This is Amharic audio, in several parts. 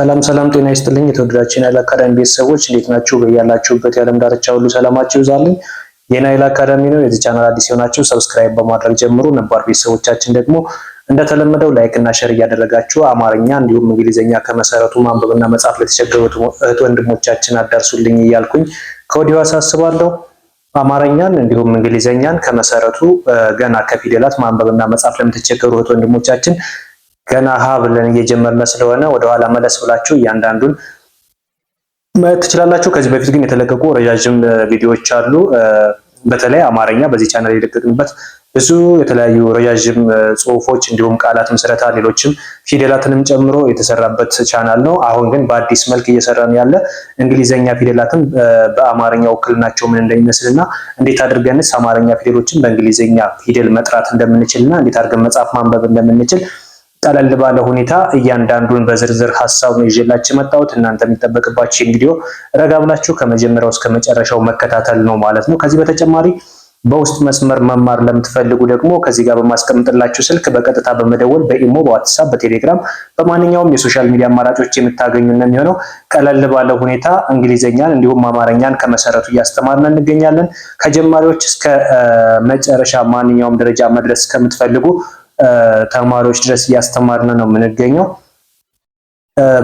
ሰላም ሰላም፣ ጤና ይስጥልኝ የተወደዳችሁ የናይል አካዳሚ ቤተሰቦች እንዴት ናችሁ? በያላችሁበት የዓለም ዳርቻ ሁሉ ሰላማችሁ ይብዛልኝ። የናይል አካዳሚ ነው። የዚህ ቻናል አዲስ የሆናችሁ ሰብስክራይብ በማድረግ ጀምሩ። ነባር ቤተሰቦቻችን ደግሞ እንደተለመደው ላይክ እና ሼር እያደረጋችሁ አማርኛ እንዲሁም እንግሊዝኛ ከመሰረቱ ማንበብና መጻፍ ለተቸገሩ እህት ወንድሞቻችን አዳርሱልኝ እያልኩኝ ከወዲሁ አሳስባለሁ። አማርኛን እንዲሁም እንግሊዘኛን ከመሰረቱ ገና ከፊደላት ማንበብና መጻፍ ለምትቸገሩ እህት ወንድሞቻችን ገና ሀ ብለን እየጀመርን ስለሆነ ወደኋላ መለስ ብላችሁ እያንዳንዱን ማየት ትችላላችሁ። ከዚህ በፊት ግን የተለቀቁ ረዣዥም ቪዲዮዎች አሉ። በተለይ አማርኛ በዚህ ቻናል የለቀቅንበት ብዙ የተለያዩ ረዣዥም ጽሁፎች እንዲሁም ቃላት ምስረታ፣ ሌሎችም ፊደላትንም ጨምሮ የተሰራበት ቻናል ነው። አሁን ግን በአዲስ መልክ እየሰራን ያለ እንግሊዘኛ ፊደላትን በአማርኛ ውክልናቸው ምን እና እንዴት አድርገንስ አማርኛ ፊደሎችን በእንግሊዘኛ ፊደል መጥራት እንደምንችልና እንዴት አድርገን መጽሐፍ ማንበብ እንደምንችል ቀለል ባለ ሁኔታ እያንዳንዱን በዝርዝር ሀሳብ ነው ይዤላችሁ መጣሁት። እናንተ የሚጠበቅባችሁ እንግዲህ ረጋ ብላችሁ ከመጀመሪያው እስከ መጨረሻው መከታተል ነው ማለት ነው። ከዚህ በተጨማሪ በውስጥ መስመር መማር ለምትፈልጉ ደግሞ ከዚህ ጋር በማስቀምጥላችሁ ስልክ በቀጥታ በመደወል በኢሞ፣ በዋትሳፕ፣ በቴሌግራም በማንኛውም የሶሻል ሚዲያ አማራጮች የምታገኙ ነው የሚሆነው። ቀለል ባለ ሁኔታ እንግሊዘኛን እንዲሁም አማርኛን ከመሰረቱ እያስተማርን እንገኛለን። ከጀማሪዎች እስከ መጨረሻ ማንኛውም ደረጃ መድረስ ከምትፈልጉ ተማሪዎች ድረስ እያስተማርን ነው የምንገኘው።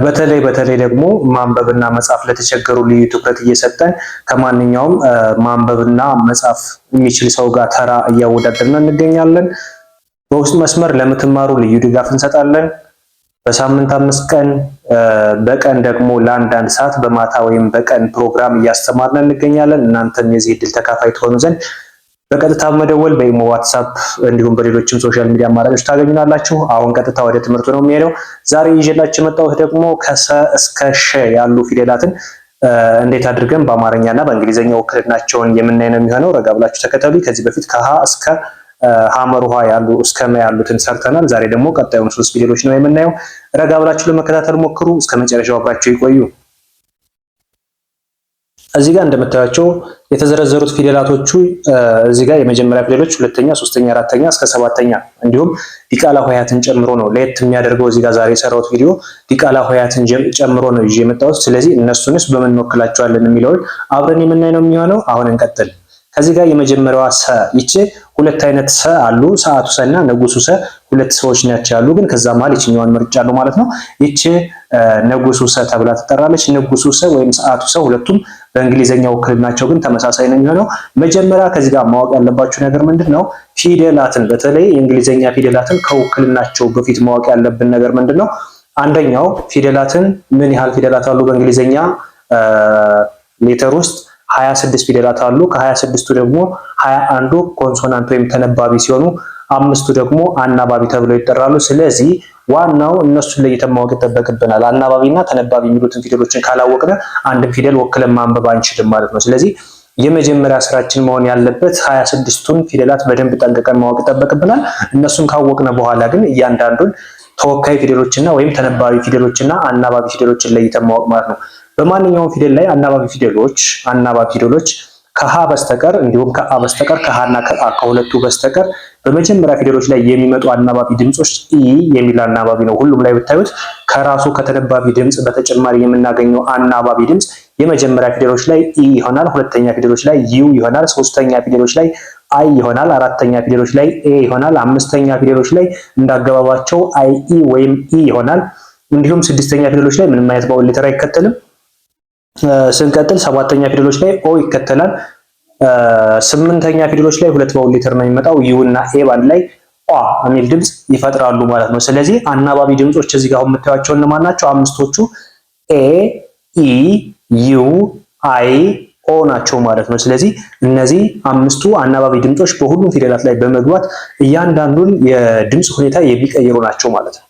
በተለይ በተለይ ደግሞ ማንበብና መጻፍ ለተቸገሩ ልዩ ትኩረት እየሰጠን ከማንኛውም ማንበብና መጻፍ የሚችል ሰው ጋር ተራ እያወዳደርን እንገኛለን። በውስጥ መስመር ለምትማሩ ልዩ ድጋፍ እንሰጣለን። በሳምንት አምስት ቀን በቀን ደግሞ ለአንዳንድ ሰዓት በማታ ወይም በቀን ፕሮግራም እያስተማርን እንገኛለን። እናንተም የዚህ እድል ተካፋይ ትሆኑ ዘንድ በቀጥታ መደወል በኢሞ ዋትሳፕ፣ እንዲሁም በሌሎችም ሶሻል ሚዲያ አማራጮች ታገኙናላችሁ። አሁን ቀጥታ ወደ ትምህርቱ ነው የሚሄደው። ዛሬ ይዤላችሁ የመጣሁት ደግሞ ከሰ እስከ ሸ ያሉ ፊደላትን እንዴት አድርገን በአማርኛና በእንግሊዝኛ ውክልናቸውን የምናይ ነው የሚሆነው። ረጋ ብላችሁ ተከተሉ። ከዚህ በፊት ከሀ እስከ ሐመር ውሃ ያሉ እስከ መ ያሉትን ሰርተናል። ዛሬ ደግሞ ቀጣዩን ሶስት ፊደሎች ነው የምናየው። ረጋ ብላችሁ ለመከታተል ሞክሩ። እስከ መጨረሻው አብራችሁ ይቆዩ። እዚህ ጋር እንደምታያቸው የተዘረዘሩት ፊደላቶቹ እዚህ ጋር የመጀመሪያ ፊደሎች ሁለተኛ፣ ሶስተኛ፣ አራተኛ እስከ ሰባተኛ እንዲሁም ዲቃላ ሆያትን ጨምሮ ነው። ለየት የሚያደርገው እዚህ ጋር ዛሬ የሰራሁት ቪዲዮ ዲቃላ ሆያትን ጨምሮ ነው ይዤ የመጣሁት። ስለዚህ እነሱንስ በምን እንወክላቸዋለን የሚለውን አብረን የምናይ ነው የሚሆነው። አሁን እንቀጥል። ከዚህ ጋር የመጀመሪያዋ ሰ ይቺ ሁለት አይነት ሰ አሉ። ሰዓቱ ሰ እና ንጉሱ ሰ ሁለት ሰዎች ናቸው ያሉ፣ ግን ከዛ መሀል ይችኛዋን አለው ማለት ነው። ይቺ ንጉሱ ሰ ተብላ ትጠራለች። ንጉሱ ሰ ወይም ሰዓቱ ሰ ሁለቱም በእንግሊዝኛው ውክልናቸው ግን ተመሳሳይ ነው የሚሆነው። መጀመሪያ ከዚህ ጋር ማወቅ ያለባችሁ ነገር ምንድን ነው? ፊደላትን በተለይ የእንግሊዝኛ ፊደላትን ከውክልናቸው በፊት ማወቅ ያለብን ነገር ምንድን ነው? አንደኛው ፊደላትን ምን ያህል ፊደላት አሉ በእንግሊዝኛ ሌተር ውስጥ ሀያ ስድስት ፊደላት አሉ። ከሀያ ስድስቱ ደግሞ ሀያ አንዱ ኮንሶናንት ወይም ተነባቢ ሲሆኑ አምስቱ ደግሞ አናባቢ ተብለው ይጠራሉ። ስለዚህ ዋናው እነሱን ለይተን ማወቅ ይጠበቅብናል። እና ተነባቢ የሚሉትን ፊደሎችን ካላወቅን አንድም ፊደል ወክለን ማንበብ አንችልም ማለት ነው። ስለዚህ የመጀመሪያ ስራችን መሆን ያለበት ሀያ ስድስቱን ፊደላት በደንብ ጠንቅቀን ማወቅ ይጠበቅብናል። እነሱን ካወቅነ በኋላ ግን እያንዳንዱን ተወካይ ፊደሎችና ወይም ተነባቢ ፊደሎችና አናባቢ ፊደሎችን ለይተን ማወቅ ማለት ነው። በማንኛውም ፊደል ላይ አናባቢ ፊደሎች አናባቢ ፊደሎች ከሀ በስተቀር እንዲሁም ከአ በስተቀር ከሀና ከአ ከሁለቱ በስተቀር በመጀመሪያ ፊደሎች ላይ የሚመጡ አናባቢ ድምጾች ኢ የሚል አናባቢ ነው። ሁሉም ላይ ብታዩት ከራሱ ከተነባቢ ድምጽ በተጨማሪ የምናገኘው አናባቢ ድምጽ የመጀመሪያ ፊደሎች ላይ ኢ ይሆናል። ሁለተኛ ፊደሎች ላይ ዩ ይሆናል። ሶስተኛ ፊደሎች ላይ አይ ይሆናል። አራተኛ ፊደሎች ላይ ኤ ይሆናል። አምስተኛ ፊደሎች ላይ እንዳገባባቸው አይ ኢ ወይም ኢ ይሆናል። እንዲሁም ስድስተኛ ፊደሎች ላይ ምንም አይነት ባውል ሌተር አይከተልም። ስንቀጥል ሰባተኛ ፊደሎች ላይ ኦ ይከተላል። ስምንተኛ ፊደሎች ላይ ሁለት ባውል ሌተር ነው የሚመጣው። ዩ እና ኤ ባንድ ላይ ኦ የሚል ድምጽ ይፈጥራሉ ማለት ነው። ስለዚህ አናባቢ ድምጾች እዚህ ጋር አሁን የምታዩቸው እነማን ናቸው? አምስቶቹ ኤ፣ ኢ፣ ዩ፣ አይ፣ ኦ ናቸው ማለት ነው። ስለዚህ እነዚህ አምስቱ አናባቢ ድምጾች በሁሉም ፊደላት ላይ በመግባት እያንዳንዱን የድምጽ ሁኔታ የሚቀይሩ ናቸው ማለት ነው።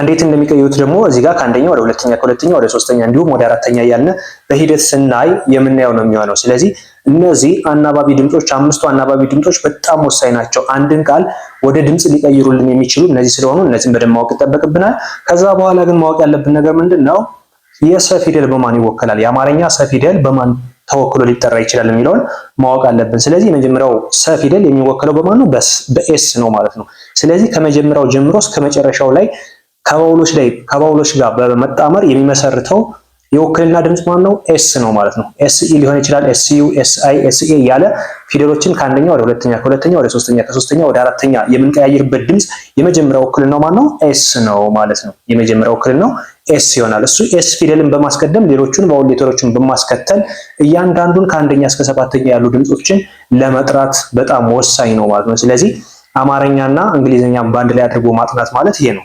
እንዴት እንደሚቀይሩት ደግሞ እዚህ ጋር ከአንደኛ ወደ ሁለተኛ ከሁለተኛ ወደ ሶስተኛ እንዲሁም ወደ አራተኛ እያልን በሂደት ስናይ የምናየው ነው የሚሆነው። ስለዚህ እነዚህ አናባቢ ድምጾች አምስቱ አናባቢ ድምጾች በጣም ወሳኝ ናቸው። አንድን ቃል ወደ ድምጽ ሊቀይሩልን የሚችሉ እነዚህ ስለሆኑ እነዚህን በደንብ ማወቅ ይጠበቅብናል። ከዛ በኋላ ግን ማወቅ ያለብን ነገር ምንድን ነው? የሰ ፊደል በማን ይወከላል? የአማርኛ ሰ ፊደል በማን ተወክሎ ሊጠራ ይችላል የሚለውን ማወቅ አለብን። ስለዚህ የመጀመሪያው ሰ ፊደል የሚወከለው በማን ነው? በኤስ ነው ማለት ነው። ስለዚህ ከመጀመሪያው ጀምሮ እስከ መጨረሻው ላይ ከባውሎች ላይ ከባውሎች ጋር በመጣመር የሚመሰርተው የውክልና ድምፅ ማን ነው? ኤስ ነው ማለት ነው። ኤስ ኢ ሊሆን ይችላል። ኤስ ዩ፣ ኤስ አይ፣ ኤስ ኤ ያለ ፊደሎችን ከአንደኛ ወደ ሁለተኛ፣ ከሁለተኛ ወደ ሶስተኛ፣ ከሶስተኛ ወደ አራተኛ የምንቀያየርበት ድምፅ የመጀመሪያው ውክልናው ማን ነው? ኤስ ነው ማለት ነው። የመጀመሪያው ውክልናው ኤስ ይሆናል። እሱ ኤስ ፊደልን በማስቀደም ሌሎቹን ባውል ሌተሮችን በማስከተል እያንዳንዱን ከአንደኛ እስከ ሰባተኛ ያሉ ድምፆችን ለመጥራት በጣም ወሳኝ ነው ማለት ነው። ስለዚህ አማርኛና እንግሊዝኛን በአንድ ላይ አድርጎ ማጥናት ማለት ይሄ ነው።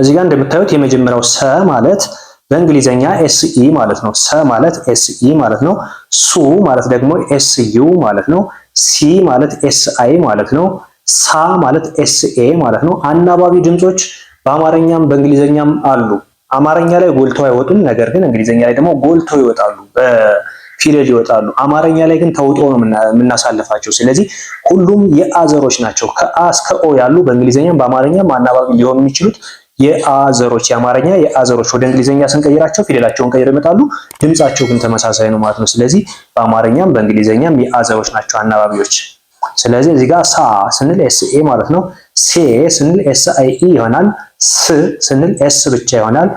እዚህ ጋር እንደምታዩት የመጀመሪያው ሰ ማለት በእንግሊዘኛ ኤስኢ e ማለት ነው። ሰ ማለት ኤስኢ e ማለት ነው። ሱ ማለት ደግሞ ኤስዩ ማለት ነው። ሲ ማለት ኤስአይ ማለት ነው። ሳ ማለት ኤስኤ ማለት ነው። አናባቢ ድምጾች በአማርኛም በእንግሊዘኛም አሉ። አማርኛ ላይ ጎልተው አይወጡም፣ ነገር ግን እንግሊዘኛ ላይ ደግሞ ጎልተው ይወጣሉ፣ በፊደል ይወጣሉ። አማርኛ ላይ ግን ተውጦ ነው የምናሳልፋቸው። ስለዚህ ሁሉም የአዘሮች ናቸው። ከአ እስከ ኦ ያሉ በእንግሊዘኛም በአማርኛም አናባቢ ሊሆኑ የሚችሉት የአዘሮች የአማርኛ የአዘሮች ወደ እንግሊዝኛ ስንቀይራቸው ፊደላቸውን ቀይረው ይመጣሉ። ድምጻቸው ግን ተመሳሳይ ነው ማለት ነው። ስለዚህ በአማርኛም በእንግሊዝኛም የአዘሮች ናቸው አናባቢዎች። ስለዚህ እዚህ ጋር ሳ ስንል ኤስ ኤ ማለት ነው። ሴ ስንል ኤስ አይ ኢ ይሆናል። ስ ስንል ኤስ ብቻ ይሆናል።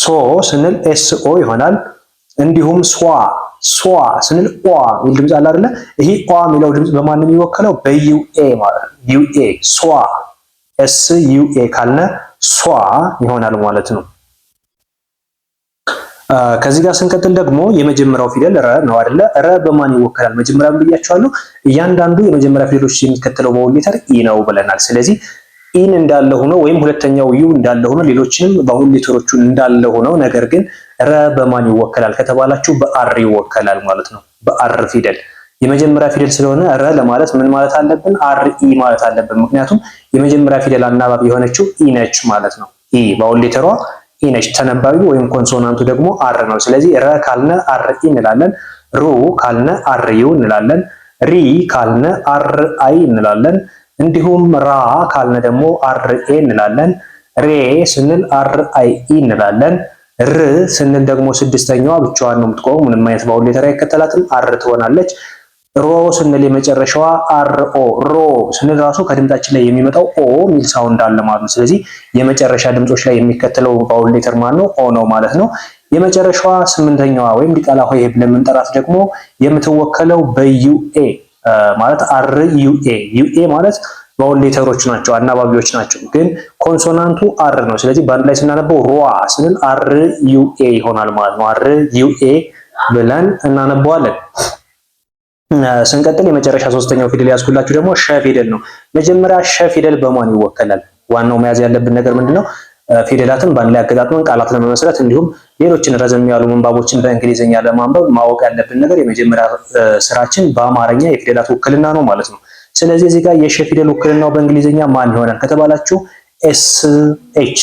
ሶ ስንል ኤስ ኦ ይሆናል። እንዲሁም ሷ ሷ ስንል ኦ የሚል ድምጽ አለ አይደለ? ይሄ ኦ የሚለው ድምጽ በማንም ነው የሚወከለው? በዩኤ ማለት ነው። ዩኤ ሷ ኤስ ዩ ኤ ካለ ሷ ይሆናል ማለት ነው። ከዚህ ጋር ስንቀጥል ደግሞ የመጀመሪያው ፊደል ረ ነው አይደለ? ረ በማን ይወከላል? መጀመሪያ ብያቸዋለሁ። እያንዳንዱ የመጀመሪያ ፊደሎች የሚከተለው በወል ሌተር ኢ ነው ብለናል። ስለዚህ ኢን እንዳለ ሆኖ ወይም ሁለተኛው ዩ እንዳለ ሆኖ ሌሎችንም በሁሉ ሌተሮቹ እንዳለ ሆነው ነገር ግን ረ በማን ይወከላል ከተባላችሁ በአር ይወከላል ማለት ነው። በአር ፊደል የመጀመሪያ ፊደል ስለሆነ ረ ለማለት ምን ማለት አለብን? አር ኢ ማለት አለብን። ምክንያቱም የመጀመሪያ ፊደል አናባቢ የሆነችው ኢ ነች ማለት ነው። ኢ ባውል ሌተሯ ኢ ነች። ተነባቢ ወይም ኮንሶናንቱ ደግሞ አር ነው። ስለዚህ ረ ካልነ አር ኢ እንላለን። ሩ ካልነ አር ዩ እንላለን። ሪ ካልነ አር አይ እንላለን። እንዲሁም ራ ካልነ ደግሞ አር ኤ እንላለን። ሬ ስንል አር አይ ኢ እንላለን። ር ስንል ደግሞ ስድስተኛዋ ብቻዋን ነው የምትቆመው። ምንም አይነት ባውል ሌተር አይከተላትም። አር ትሆናለች። ሮ ስንል የመጨረሻዋ አር ኦ ሮ ስንል ራሱ ከድምጻችን ላይ የሚመጣው ኦ ሚል ሳውንድ አለ ማለት ነው። ስለዚህ የመጨረሻ ድምጾች ላይ የሚከተለው ቫውል ሌተር ማለት ነው ኦ ነው ማለት ነው። የመጨረሻዋ ስምንተኛዋ ወይም ዲቃላ ሆይ ብለን የምንጠራት ደግሞ የምትወከለው በዩኤ ማለት አር ዩኤ ዩኤ ማለት ቫውል ሌተሮች ናቸው፣ አናባቢዎች ናቸው። ግን ኮንሶናንቱ አር ነው። ስለዚህ በአንድ ላይ ስናነበው ሮ ስንል አር ዩኤ ይሆናል ማለት ነው። አር ዩኤ ብለን እናነበዋለን። ስንቀጥል የመጨረሻ ሶስተኛው ፊደል ያዝኩላችሁ ደግሞ ሸ ፊደል ነው። መጀመሪያ ሸ ፊደል በማን ይወከላል? ዋናው መያዝ ያለብን ነገር ምንድነው? ፊደላትን በአንድ ላይ አገጣጥመን ቃላት ለመመስረት እንዲሁም ሌሎችን ረዘም ያሉ ምንባቦችን በእንግሊዝኛ ለማንበብ ማወቅ ያለብን ነገር የመጀመሪያ ስራችን በአማርኛ የፊደላት ውክልና ነው ማለት ነው። ስለዚህ እዚህ ጋር የሸ ፊደል ውክልናው በእንግሊዝኛ ማን ይሆናል ከተባላችሁ ኤስ ኤች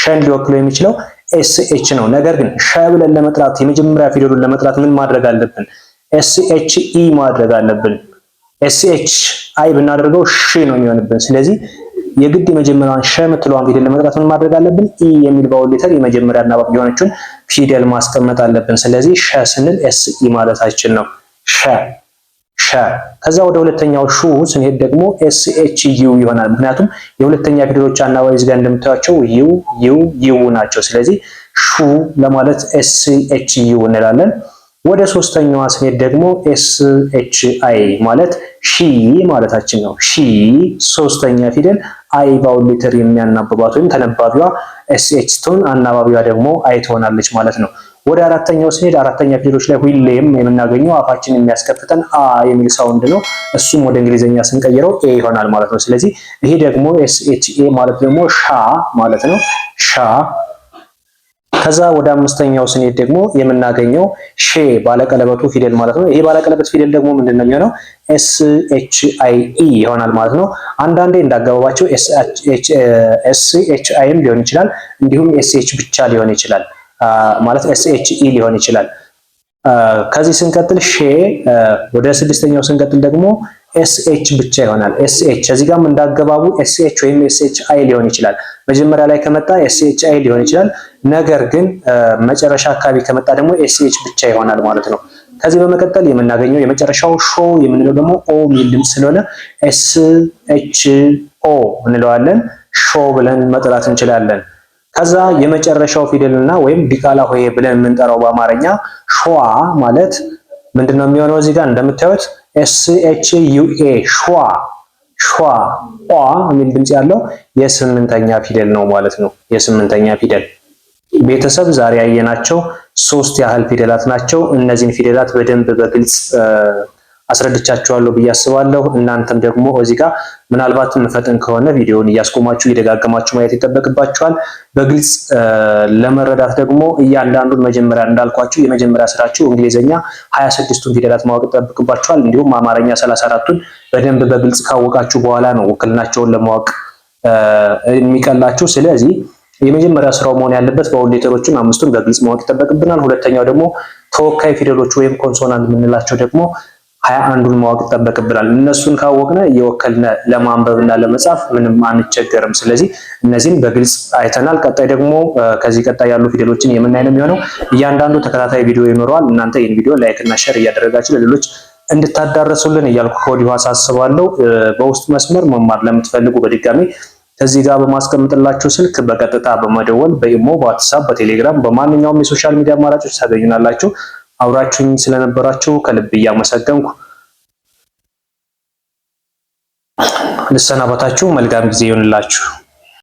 ሸን ሊወክለው የሚችለው ኤስ ኤች ነው። ነገር ግን ሸ ብለን ለመጥራት የመጀመሪያ ፊደሉን ለመጥራት ምን ማድረግ አለብን? ኤስ ኢ e ማድረግ አለብን። ኤስ ኤች አይ ብናደርገው ሽ ነው የሚሆንብን። ስለዚህ የግድ የመጀመሪያዋን ሸ የምትለዋን ፊደል ለመቅጣት ምን ማድረግ አለብን? ኢ e የሚል ባውል ሌተር የመጀመሪያ እና ባብ የሆነችውን ፊደል ማስቀመጥ አለብን። ስለዚህ ሸ ስንል ኤስ ኢ e ማለታችን ነው። ሸ ሸ። ከዛ ወደ ሁለተኛው ሹ ስንሄድ ደግሞ ኤስ ኤች ዩ ይሆናል። ምክንያቱም የሁለተኛ ፊደሎች አናባቢዝ ጋር እንደምታያቸው ዩ ዩ ዩ ናቸው። ስለዚህ ሹ ለማለት ኤስ ኤች ዩ እንላለን። ወደ ሶስተኛዋ ስንሄድ ደግሞ ኤስ ኤች አይ ማለት ሺ ማለታችን ነው። ሺ ሶስተኛ ፊደል አይ ባውል ሊትር የሚያናብባት ወይም ተነባቢዋ ኤስ ኤች ስትሆን አናባቢዋ ደግሞ አይ ትሆናለች ማለት ነው። ወደ አራተኛው ስንሄድ አራተኛ ፊደሎች ላይ ሁሌም የምናገኘው አፋችን የሚያስከፍተን አ የሚል ሳውንድ ነው። እሱም ወደ እንግሊዝኛ ስንቀይረው ኤ ይሆናል ማለት ነው። ስለዚህ ይሄ ደግሞ ኤስ ኤች ኤ ማለት ደግሞ ሻ ማለት ነው። ሻ ከዛ ወደ አምስተኛው ስንሄድ ደግሞ የምናገኘው ሼ ባለቀለበቱ ፊደል ማለት ነው። ይሄ ባለቀለበት ፊደል ደግሞ ምንድን ነው የሚሆነው? ኤስ ኤች አይ ኢ ይሆናል ማለት ነው። አንዳንዴ እንዳገባባቸው ኤስ ኤች አይም ሊሆን ይችላል፣ እንዲሁም ኤስ ኤች ብቻ ሊሆን ይችላል ማለት ኤስ ኤች ኢ ሊሆን ይችላል። ከዚህ ስንቀጥል ሼ ወደ ስድስተኛው ስንቀጥል ደግሞ ኤስኤች ብቻ ይሆናል። ኤስኤች እዚህ ጋርም እንዳገባቡ ኤስኤች ወይም ኤስኤች አይ ሊሆን ይችላል። መጀመሪያ ላይ ከመጣ ኤስኤች አይ ሊሆን ይችላል። ነገር ግን መጨረሻ አካባቢ ከመጣ ደግሞ ኤስኤች ብቻ ይሆናል ማለት ነው። ከዚህ በመቀጠል የምናገኘው የመጨረሻው ሾ የምንለው ደግሞ ኦ የሚል ድምፅ ስለሆነ ኤስኤች ኦ እንለዋለን። ሾ ብለን መጥራት እንችላለን። ከዛ የመጨረሻው ፊደልና ወይም ዲቃላ ሆይ ብለን የምንጠራው በአማርኛ ሸዋ ማለት ምንድነው የሚሆነው? እዚህ ጋር እንደምታዩት ኤስ ኤች ዩ ኤ ሸዋ ሸዋ ቋ የሚል ድምጽ ያለው የስምንተኛ ፊደል ነው ማለት ነው። የስምንተኛ ፊደል ቤተሰብ ዛሬ ያየናቸው ሶስት ያህል ፊደላት ናቸው። እነዚህን ፊደላት በደንብ በግልጽ አስረድቻችኋለሁ ብዬ አስባለሁ። እናንተም ደግሞ እዚህ ጋር ምናልባት ምፈጥን ከሆነ ቪዲዮውን እያስቆማችሁ እየደጋገማችሁ ማየት ይጠበቅባችኋል። በግልጽ ለመረዳት ደግሞ እያንዳንዱን መጀመሪያ እንዳልኳችሁ የመጀመሪያ ስራችሁ እንግሊዝኛ 26ቱን ፊደላት ማወቅ ይጠበቅባችኋል። እንዲሁም አማርኛ 34ቱን በደንብ በግልጽ ካወቃችሁ በኋላ ነው ውክልናቸውን ለማወቅ የሚቀላችሁ። ስለዚህ የመጀመሪያ ስራው መሆን ያለበት በአውል ሌተሮችን አምስቱን በግልጽ ማወቅ ይጠበቅብናል። ሁለተኛው ደግሞ ተወካይ ፊደሎች ወይም ኮንሶናንት የምንላቸው ደግሞ ሀያ አንዱን ማወቅ ይጠበቅብናል። እነሱን ካወቅነ እየወከልነ እና ለመጻፍ ምንም አንቸገርም። ስለዚህ እነዚህን በግልጽ አይተናል። ቀጣይ ደግሞ ከዚህ ቀጣይ ያሉ ፊደሎችን የምናይ ነው የሚሆነው። እያንዳንዱ ተከታታይ ቪዲዮ ይኖረዋል። እናንተ ይህን ቪዲዮ ላይክ እና ሸር እያደረጋችሁ ለሌሎች እንድታዳረሱልን እያልኩ ከወዲሁ አሳስባለሁ። በውስጥ መስመር መማር ለምትፈልጉ በድጋሚ ከዚህ ጋር በማስቀምጥላችሁ ስልክ በቀጥታ በመደወል በኢሞ፣ በዋትሳፕ፣ በቴሌግራም በማንኛውም የሶሻል ሚዲያ አማራጮች ታገኙናላችሁ። አብራችሁኝ ስለነበራችሁ ከልብ እያመሰገንኩ ልሰናበታችሁ። መልካም ጊዜ ይሆንላችሁ።